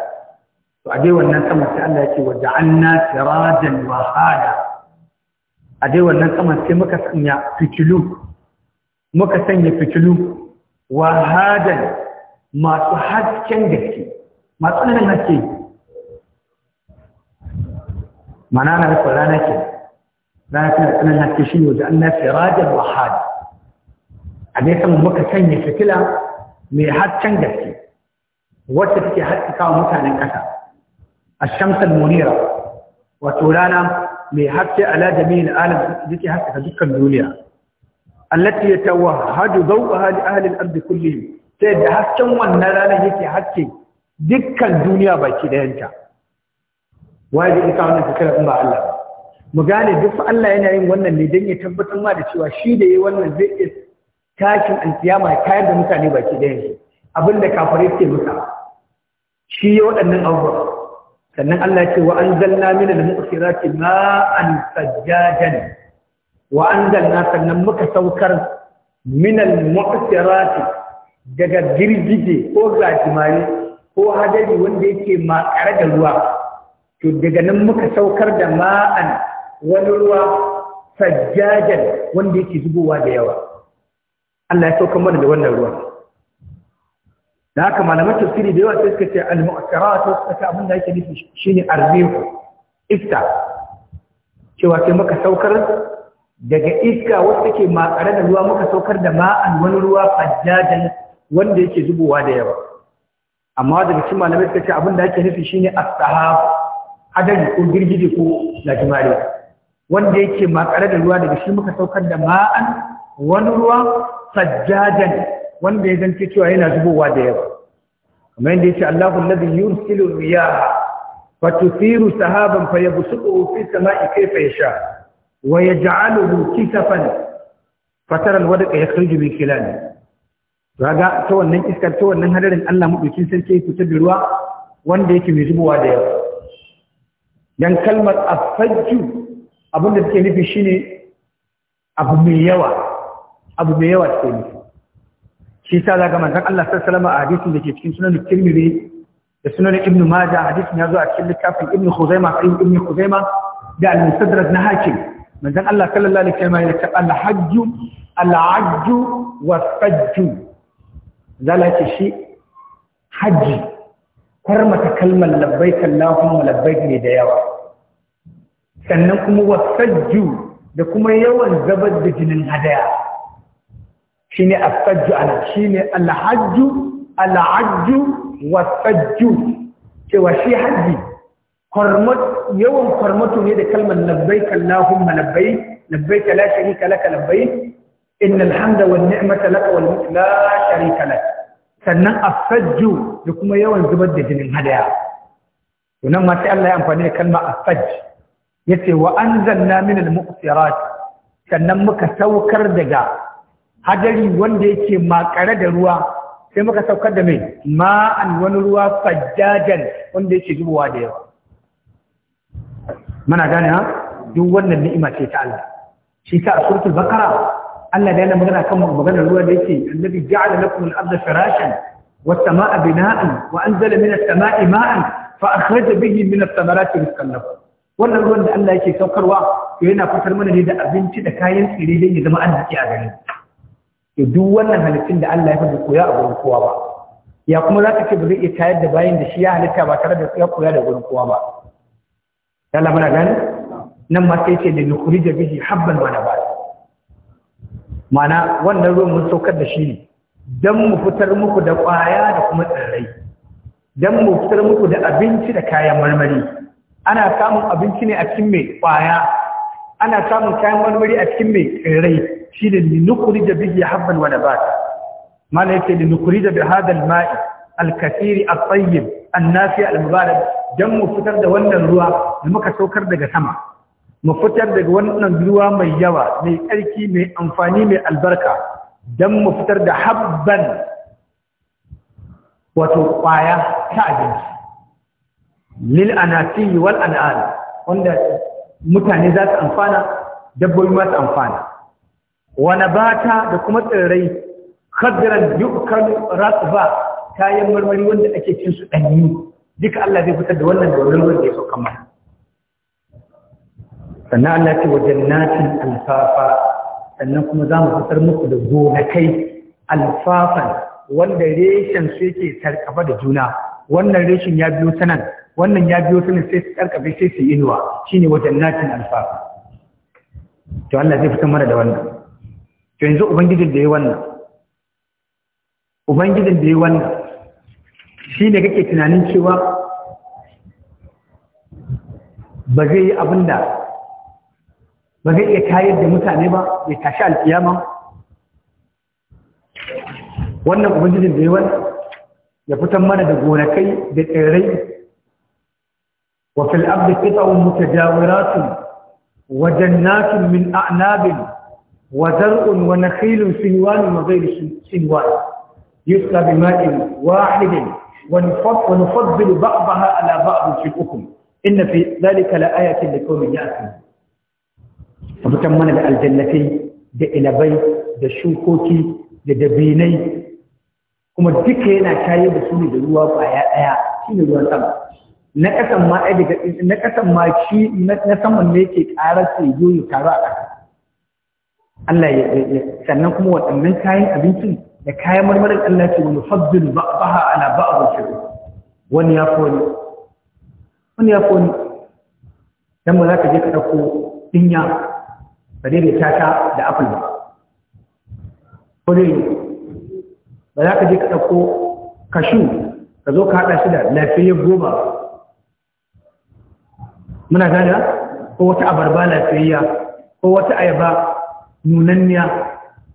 وعدي wannan kamar sai Allah yake waja'alna sirajan wa a adai wannan kamar sai muka sanya fitilu muka sanya fitilu wa masu hasken gaske masu nan haske mana na rana ke za ta haske shi ne wajen na sirajar wahada a dai saman muka sanya fitila mai hasken gaske wacce take haskaka wa mutanen ƙasa a shamsar munira wato rana mai haske ala jami'in alam duke haskaka dukkan duniya allati yatawahhadu zau li hali ahalin ard kullihim sai da hasken wannan ranar yake haske dukkan duniya baki dayanta waye da ita wannan fitila in ba Allah ba mu gane duk fa Allah yana yin wannan ne don ya tabbatar ma da cewa shi da yi wannan zai iya tashin alkiyama kayar da mutane baki ɗaya ne, abinda kafirai ke musa shi ya waɗannan abubuwa sannan Allah ya ce wa anzalna min al ma'an sajjajan wa anzalna sannan muka saukar min al daga girgije ko gajimare ko hadari wanda yake makare da ruwa to daga nan muka saukar da ma'an wani ruwa sajjajen wanda yake zubowa da yawa Allah ya sauka mana da wannan ruwan da haka malaman tafsiri da yawa sai suka ce al-mu'tarat suka ce abin da yake nufi shine arbihu iska cewa sai muka saukar daga iska wacce take makare da ruwa muka saukar da ma'an wani ruwa fajjajan wanda yake zubowa da yawa amma daga cikin malamai suka ce abin da yake nufi shine as-sahab hadari ko girgije ko lajimare wanda yake makare da ruwa daga shi muka saukar da ma'an wani ruwa sajjajan wanda ya zance cewa yana zubowa da yawa kamar yadda yake Allahu alladhi yursilu riyaha fatuthiru sahaban fayabsutu fi sama'i kayfa yasha wa yaj'aluhu kisafan fatara alwadqa yakhruju min khilali kaga ta wannan iskar ta wannan hadarin Allah madaukin sarki ya fitar da ruwa wanda yake mai zubowa da yawa dan kalmar afajju abin da suke nufi shine abu mai yawa abu mai yawa suke nufi shi sa za ga manzon Allah sallallahu alaihi a da ke cikin sunan Tirmidhi da sunan Ibn Majah hadisin ya zo a cikin littafin Ibn Khuzaimah sai Ibn Khuzaimah da al-Mustadrak na Hakim manzon Allah sallallahu alaihi wasallam ya ce al-hajj al-ajj was-sajj zalaka shi haji karmata kalmar labbaik Allahumma labbaik ne da yawa sannan kuma wasajju da kuma yawan zabar da jinin hadaya shine asajju ana shine alhajju alhajju wasajju cewa shi haji hormat yawan hormatu ne da kalmar labbaik allahumma labbaik labbaik la sharika lak labbaik innal hamda wan ni'mata lak wal mulk la sharika lak sannan asajju da kuma yawan zubar da jinin hadaya to nan ma sai Allah ya amfani da kalmar asajju ce wa anzalna min al-muqsirat sannan muka saukar daga hadari wanda yake makare da ruwa sai muka saukar da mai ma'an wani ruwa fajjajan wanda yake zubowa da yawa Muna gane ha duk wannan ni'ima ce ta Allah shi ta a suratul bakara Allah da yana magana kan maganar ruwa da yake annabi ja'ala lakum al-ardha firashan was-samaa'a binaa'an wa anzala minas samaa'i ma'an fa akhraja bihi min ath-thamarati wannan ruwan da Allah yake saukarwa to yana fitar mana ne da abinci da kayan tsire don ya zama arziki a gare to duk wannan halittun da Allah ya fada koya a gurin kowa ba ya kuma za ka ce ba zai iya tayar da bayan da shi ya halitta ba tare da ya koya da gurin kowa ba Allah muna gani nan ma sai ce da da bihi habban wa nabat mana wannan ruwan mun saukar da shi ne dan mu fitar muku da kwaya da kuma tsirrai dan mu fitar muku da abinci da kayan marmari ana samun abinci ne a cikin mai kwaya ana samun kayan marmari a cikin mai tsirrai shi ne Nukuri da bihi habban wa nabata mana yake Nukuri da bihada alma'i alkasiri al tayyib an-nafi al-mubarak dan mu fitar da wannan ruwa da muka saukar daga sama mu fitar daga wannan ruwa mai yawa mai tsarki mai amfani mai albarka dan mu fitar da habban wato kwaya ta abinci lil anasi wal an'am wanda mutane za su amfana dabbobi ma su amfana wa nabata da kuma tsirrai khadran yukal rasba kayan marmari wanda ake cin su danyi duka Allah zai fitar da wannan da wannan wanda ya sauka mana sannan Allah ce wa jannatin alfafa sannan kuma za mu fitar muku da gonakai alfafan wanda reshen su yake sarkafa da juna wannan reshen ya biyo ta nan wannan ya biyo sunan sai su karkafe sai su inuwa shine wajen natin alfafa to Allah zai fitar mana da wannan to yanzu ubangijin da ya wannan ubangijin da ya wannan shine kake tunanin cewa ba zai yi abinda ba zai iya tayar da mutane ba ya tashi alkiyama wannan ubangijin da ya wannan ya fitar mana da gonakai da tsirrai وفي الأرض قطع متجاورات وجنات من أعناب وزرع ونخيل سنوان وغير سنوان يسقى بماء واحد ونفضل بعضها على بعض في الحكم إن في ذلك لآية لقوم يأكلون فبكم من الجنتين da ilabai da shukoki da dabinai kuma duka yana shayar da su ne da ruwa kwaya ɗaya shi ne ruwan sama na kasan ma ai daga na kasan ma shi na saman ne yake ƙara ce yoyo taro a ƙasa Allah ya sannan kuma waɗannan kayan abincin da kayan marmarin Allah ce wani faddul ba'aha ala ba'ahu shiru wani ya fi wani wani ya fi wani dan ba za ka je ka ɗauko dinya ba dai ta ta da apple ba ko dai ba za ka je ka ɗauko kashu ka zo ka haɗa shi da lafiyar goma muna gane ko wata abarba lafiyayya ko wata ayaba nunanniya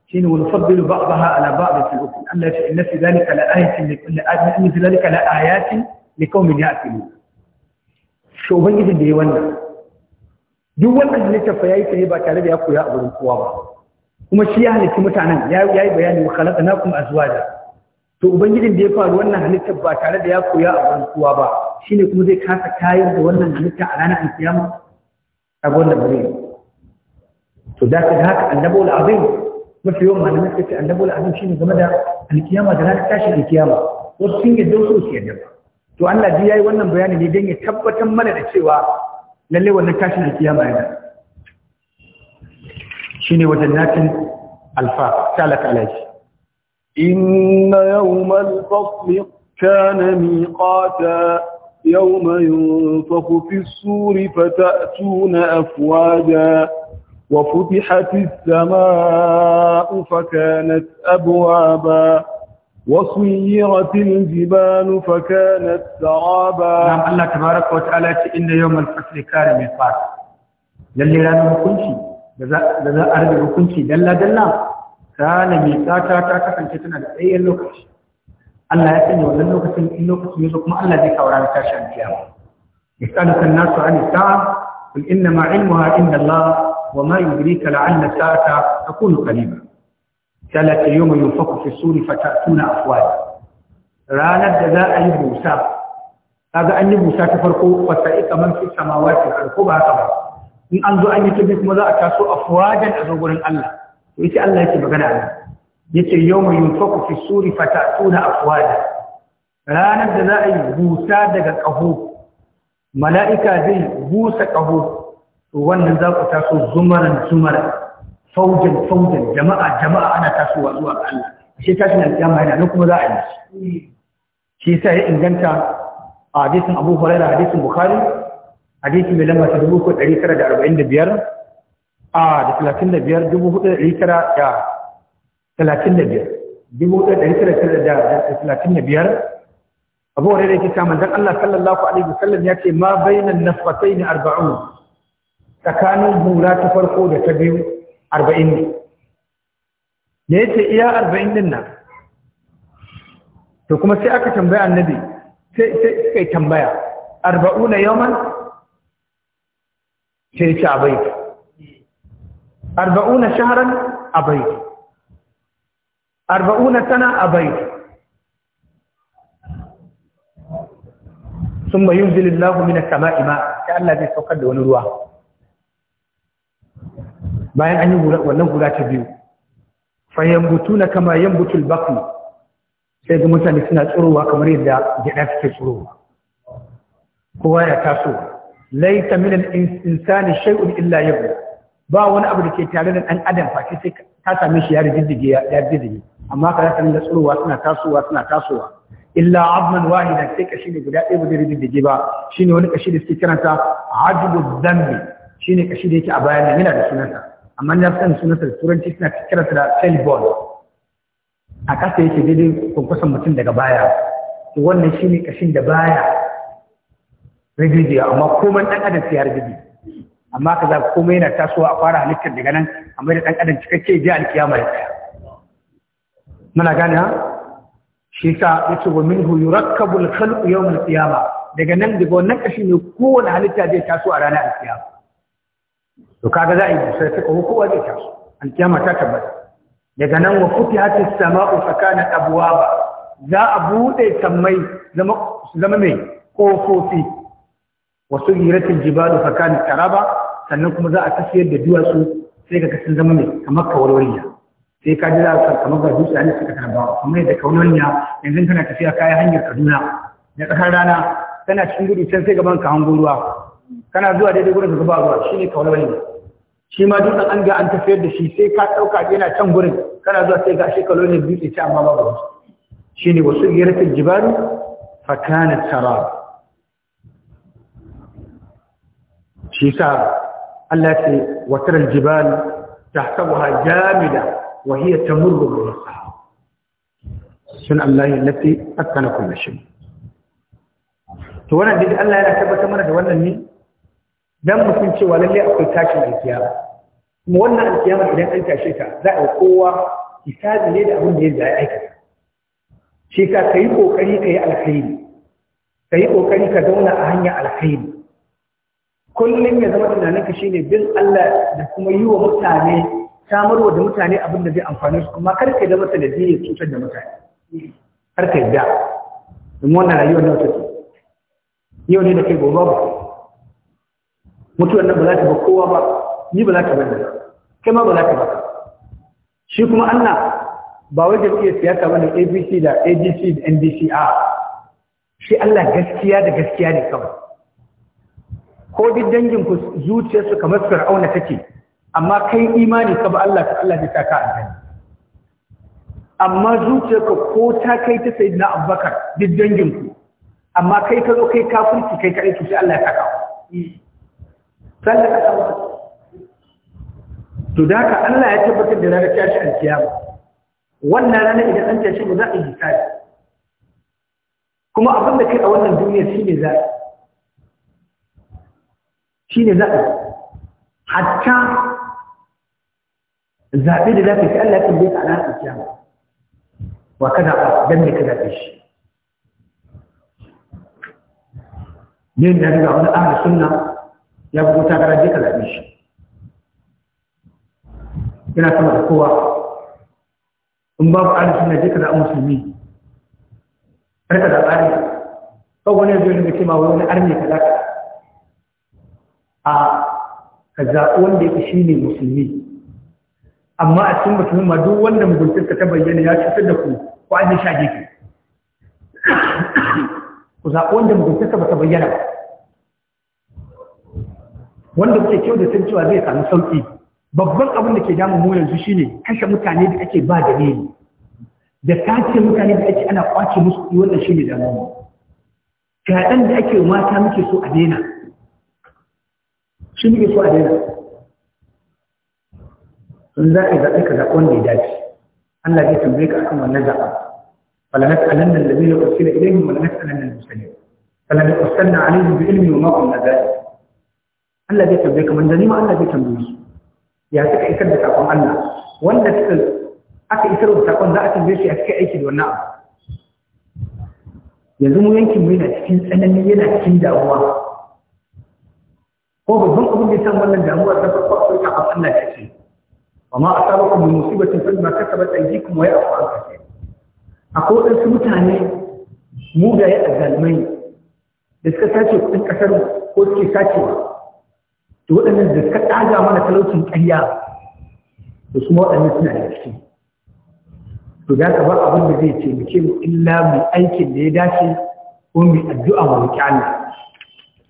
shine wani fadlu ba'daha ala ba'd fi al-ukul Allah ya ce inna fi dhalika la ayatin li kulli ayatin inna fi dhalika la ayatin li qaumin ya'qilun shi ubangiji da yi wannan duk wannan ne ta fayayi tare ba tare da ya koya a gurin kowa ba kuma shi ya halitta mutanen ya yi bayani wa khalaqnakum azwaja to ubangijin da ya faru wannan halittar ba tare da ya koya a gurin kowa ba shine kuma zai kasa kayar da wannan halitta a ranar alkiyama a wannan bare to da ka haka annabul azim mafi yawan malamai suka ce annabul azim shine game da alkiyama da ranar tashin alkiyama wasu sun yadda wasu su yadda ba to Allah ji yayi wannan bayani ne don ya tabbatar mana da cewa lalle wannan tashin alkiyama yana shine wajen natin alfa talaka alaji inna yawmal fasl kana miqata يوم ينفخ في السور فتأتون أفواجا وفتحت السماء فكانت أبوابا وصيرت الجبال فكانت سرابا نعم الله تبارك وتعالى إن يوم الفصل كان ميقات للي لا نمكنش لذا أرد بكنش دلا دلا كان ميقاتا تاكا فانشتنا لأي اللوكش Allah ya sanya wannan lokacin in lokacin yazo kuma Allah zai kawo ran tashin kiyama yasaluka an-nasu an sa'a qul inna ma 'ilmuha inda Allah wa ma yudrika la'alla sa'ata takunu qariba talaka yawma yunfaku fi suri fatatuna afwaja ranar da za a yi busa kaga an yi busa ta farko wata ikaman fi samawati al-ardu ba haka ba in an zo an yi tabi kuma za a taso afwajan a zo gurin Allah to yace Allah yake magana a nan yace yawma yunfaku fi suri fatatuna afwada ranar da za a yi busa daga ƙaho mala'ika zai busa ƙaho to wannan za ku taso zumaran zumaran faujan faujan jama'a jama'a ana tasowa zuwa ga Allah shi tashin alƙiyama yana nan kuma za a yi shi sa ya inganta a hadisin Abu Hurairah hadisin Bukhari hadisi mai lamba ta 3945 a da 35 4900 talatin da biyar dubu ɗaya da talatin biyar abu wa rere kita manzan Allah sallallahu alaihi wasallam ya ce ma bainan nasfatai ne arba'un tsakanin hura ta farko da ta biyu arba'in ne da ya ce iya arba'in din nan to kuma sai aka tambaya annabi sai suka yi tambaya arba'una yaman sai ce abai arba'una shaharan abai arba'una sana a bai sun bayu zilillahu mina sama'i ma ta Allah zai saukar da wani ruwa bayan an yi wannan guda ta biyu fayyambutu na kama butul baklu sai ga mutane suna tsorowa kamar yadda gyaɗa suke tsorowa kowa ya taso laita min insani shay'un illa yau. ba wani abu da ke tare da ɗan adam face sai ka same shi ya rijiddige ya rijiddige amma ka zaka da tsurowa suna tasowa suna tasowa illa abman wahida sai kashi ne guda ɗaya da rubin da ba shine wani kashi da suke kiranta ajibu dhanbi shine kashi da yake a bayan yana da sunansa amma na san sunansa da turanci suna kiranta da tailbone a kasa yake daidai kusan mutum daga baya to wannan shine kashin da baya rigidiya amma komai ɗan adam sai ya rigidi amma kaza komai yana tasowa a fara halittar daga nan amma da ɗan adam cikakke ji alkiyama ya tsaya muna gane ha shi ka yace wa minhu yurakkabu al-khalqu yawm al-qiyama daga nan daga wannan kashi ne kowane halitta zai taso a ranar al-qiyama to kaga za a yi sai ta ko zai taso al-qiyama ta tabbata daga nan wa futihat as-sama'u fakana abwaba za a bude sammai zama zama mai kofofi wa da jibalu fakana taraba sannan kuma za a tafiyar da duwatsu sai ka sun zama mai kamar kawarwariya sai ka ji za ka kamar ga dutse ne suka tarba kuma yadda kaunoniya yanzu kana tafiya kayan hanyar kaduna na tsakar rana kana cikin gudu can sai gaban ka hango ruwa kana zuwa daidai gurin ka ba ruwa shine ne shi ma dutsen an ga an tafiyar da shi sai ka ɗauka yana can gurin kana zuwa sai ga shi kaunoni dutse ta amma babu shine wasu yaratul jibaru fa kanat shi sa Allah ce watar jibal tahtabuha jamida وهي تمر بالرخاء سنة الله التي أتقن كل شيء to wannan duk Allah yana tabbata mana da wannan ne dan mutum cewa lalle akwai tashin alkiyama kuma wannan alkiyama idan an tashe ta za a kowa hisabi ne da abin da ya zai aikata shi ka kai kokari kai alkhairi kai kokari ka zauna a hanya alkhairi kullum ya zama tunaninka shine bin Allah da kuma yi wa mutane samarwa da mutane abin da zai amfani su kuma kar ka da masa da zai cutar da mutane kar ka da, domin wannan rayuwar nan take yau ne da kai gobe ba mutuwar nan ba za ta ba kowa ba ni ba za ta bane kai ma ba za ta ba shi kuma Allah ba wai jam'iyyar siyasa bane ABC da ADC da NDC a shi Allah gaskiya da gaskiya ne kawai ko duk dangin ku zuciyarsu kamar fir'auna take amma kai imani ka ba Allah ta Allah ta ka aljanna amma zuciyarka ko ta kai ta sayyidina Abubakar duk dangin ku amma kai ka zo kai kafirci kai kai to sai Allah ya ka sallaka to da haka Allah ya tabbatar da ranar tashi alkiyama wannan ranar idan an tashi mu za a yi hisabi kuma abin da kai a wannan duniya shine za shine za hatta zaɓe da zafi Allah ya tambaye ka a ranar kiyama wa ka zaɓa don me ka zaɓe shi ne ya ga wani ahli sunna ya bugu ta garaje ka zaɓe shi yana sama da kowa in babu ahli sunna je ka zaɓa musulmi kar ka zaɓa ne kawai wani yanzu ne ke ma wani arme ka zaɓa a ka zaɓi wanda fi shi ne musulmi amma a cikin mutumin ma duk wanda muguntarsa ta bayyana ya cutar da ku ko an sha gefe ku ku wanda ta ba ta bayyana ba wanda kuke kyau da san cewa zai samu sauƙi babban abin da ke damun mu yanzu shine kashe mutane da ake ba da dalili da kace mutane da ake ana kwace musu kuɗi wannan shine damuwa Kaɗan da ake mata muke so a daina shi muke so a daina in za a zaɓi ka zaɓi wanda ya dace Allah zai tambaye ka akan wannan zaɓa fala nas'alanna allazina ursila ilayhim wa la da al-mursalin fala nas'alanna alayhim bi ilmi wa ma kunna zaɓi. Allah zai tambaye ka manzanni ma Allah zai tambaye su ya suka isar da sakon Allah wanda suka aka isar da sakon za a tambaye shi a cikin aiki da wannan abu yanzu mu yankin mu yana cikin tsanani yana cikin damuwa ko babban abin da ya san wannan damuwa na farko akwai sakon Allah ce amma a sabakon mai musibatin fi ma kasa ba tsaye kuma ya afu an kashe akwai waɗansu mutane mugaye a zalmai da suka sace kuɗin ƙasar ko suke sacewa da waɗannan da suka ɗaga mana talaucin karya, da su waɗannan suna da ciki to za ka ba abin da zai taimake mu illa mu aikin da ya dace ko mu addu'a mu roƙi Allah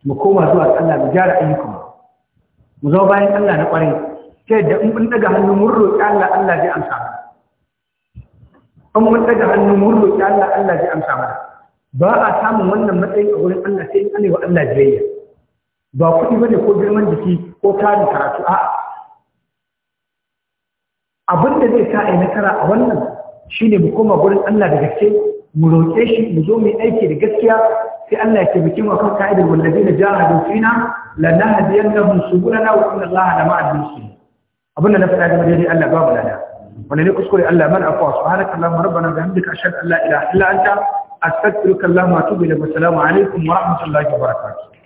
mu koma zuwa Allah mu gyara ayyukan mu zama bayan Allah na ƙwarai ta yadda in mun daga hannu mun roƙi Allah Allah zai amsa mana in mun daga hannu mun roƙi Allah Allah zai amsa ba a samun wannan matsayin a wurin Allah sai in wa Allah jiyayya ba kuɗi bane ko girman jiki ko tarin karatu a'a abin da zai sa a yi nasara a wannan shine mu koma gurin Allah da gaske mu roƙe shi mu zo mu yi aiki da gaskiya sai Allah ya bikin mu kan ka'idar wallazina jahadu fina lanahdiyanahum subulana wa inna Allaha lama'a al-muslimin abinda na faɗa game daidai Allah babu lada wanda ne kuskure Allah man afwa subhanaka allahumma rabbana bihamdika ashhadu an la ilaha illa anta astaghfiruka allahumma wa atubu ilayk assalamu alaikum wa rahmatullahi wa barakatuh